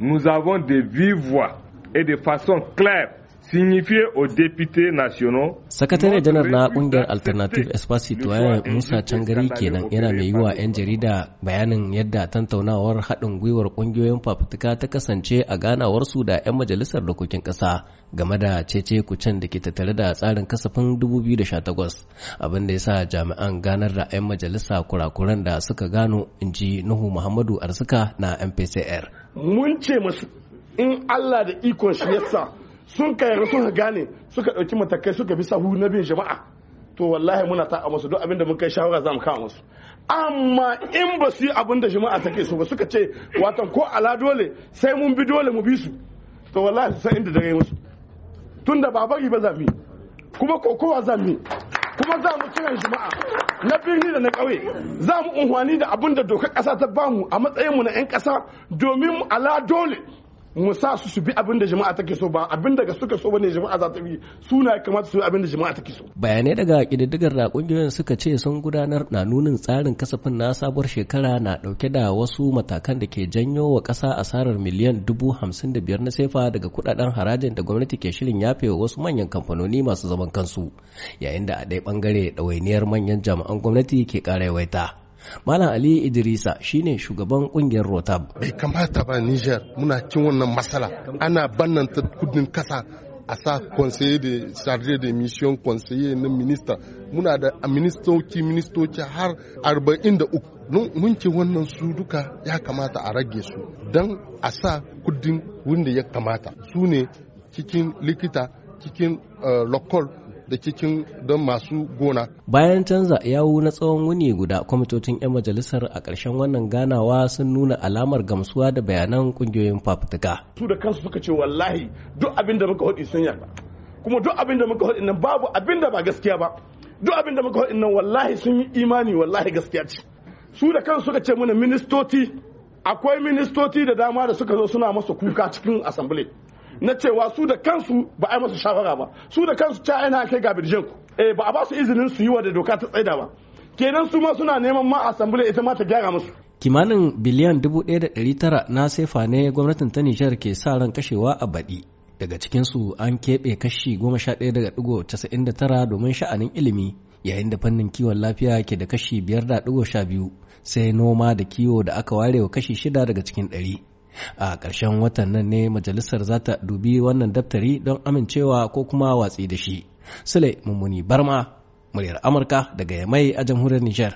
nous avons des vives voix et de façon claire sakatare janar na kungiyar alternative espace citoyen musa cangari kenan yana mai yi wa 'yan jarida bayanin yadda tantaunawar haɗin gwiwar ƙungiyoyin fafutuka ta kasance a ganawarsu da 'yan majalisar dokokin ƙasa game da cece kucin da ke tattare da tsarin kasafin 2018 abin da ya sa jami'an ganar da 'yan majalisa kurakuran da suka gano in nuhu muhammadu arzika na mpcr mun ce masu in allah da ikon shi yasa sun kai rasu gane suka ɗauki matakai suka bi sahu na bin jama'a to wallahi muna ta musu duk abinda mun kai shawara za mu kawo musu amma in ba su yi abinda da jama'a take so su ba suka ce watan ko ala dole sai mun bi dole mu bi su to wallahi sai inda dare musu tunda ba bari ba za kuma kokowa za kuma za mu kiran jama'a na birni da na ƙauye za mu unhwani da abinda dokar ƙasa ta bamu a matsayin mu na 'yan ƙasa domin ala dole mu sa su su bi abin da jama'a take so ba abin da suka so bane jama'a za ta bi suna kamata su abin da jama'a take so bayanai daga kididdigar da kungiyoyin suka ce sun gudanar na nunin tsarin kasafin na sabuwar shekara na dauke da wasu matakan da ke janyo wa kasa asarar miliyan dubu hamsin da biyar na sefa daga kudaden harajin da gwamnati ke shirin wa wasu manyan kamfanoni masu zaman kansu yayin da a ɗaya bangare ɗawainiyar manyan jami'an gwamnati ke ƙara yawaita Malam Ali Idrisa shine shugaban kungiyar Rotab. Bai kamata ba Niger muna cin wannan matsala. Ana bannan ta kudin kasa a sa conseiller de chargé de mission conseiller na minista muna da ministoci ministoci har 43 mun ce wannan su duka ya kamata a rage su don a sa kudin wanda ya kamata su ne cikin likita cikin eh, lokol da cikin don masu gona. Bayan canza yawu na tsawon wuni guda kwamitocin 'yan majalisar a ƙarshen wannan ganawa sun nuna alamar gamsuwa da bayanan ƙungiyoyin fafutuka. Su da kansu suka ce wallahi duk abin da muka hudu sun yarda. Kuma duk abin da muka hudu nan babu abin da ba gaskiya ba. Duk abin da muka hudu nan wallahi sun yi imani wallahi gaskiya ce. Su da kansu suka ce mana ministoci akwai ministoci da dama da suka zo suna masa kuka cikin asambile. na cewa su da kansu ba a yi masu shawara ba su da kansu ta aina kai ga birjin ku eh ba a ba su izinin su yi wa da doka ta tsaida ba kenan su ma suna neman ma assembly ita ma ta gyara musu kimanin biliyan 1,900 na sefa ne gwamnatin ta Nijar ke sa ran kashewa a baɗi daga cikinsu an keɓe kashi 11.99 domin sha'anin ilimi yayin da fannin kiwon lafiya ke da kashi 5.12 sai noma da kiwo da aka ware wa kashi 6 daga cikin ɗari. a ƙarshen watan nan ne majalisar za ta dubi wannan daftari don amincewa ko kuma watsi da shi sule mummuni barma muryar amurka daga yamai a jamhuriyar nijar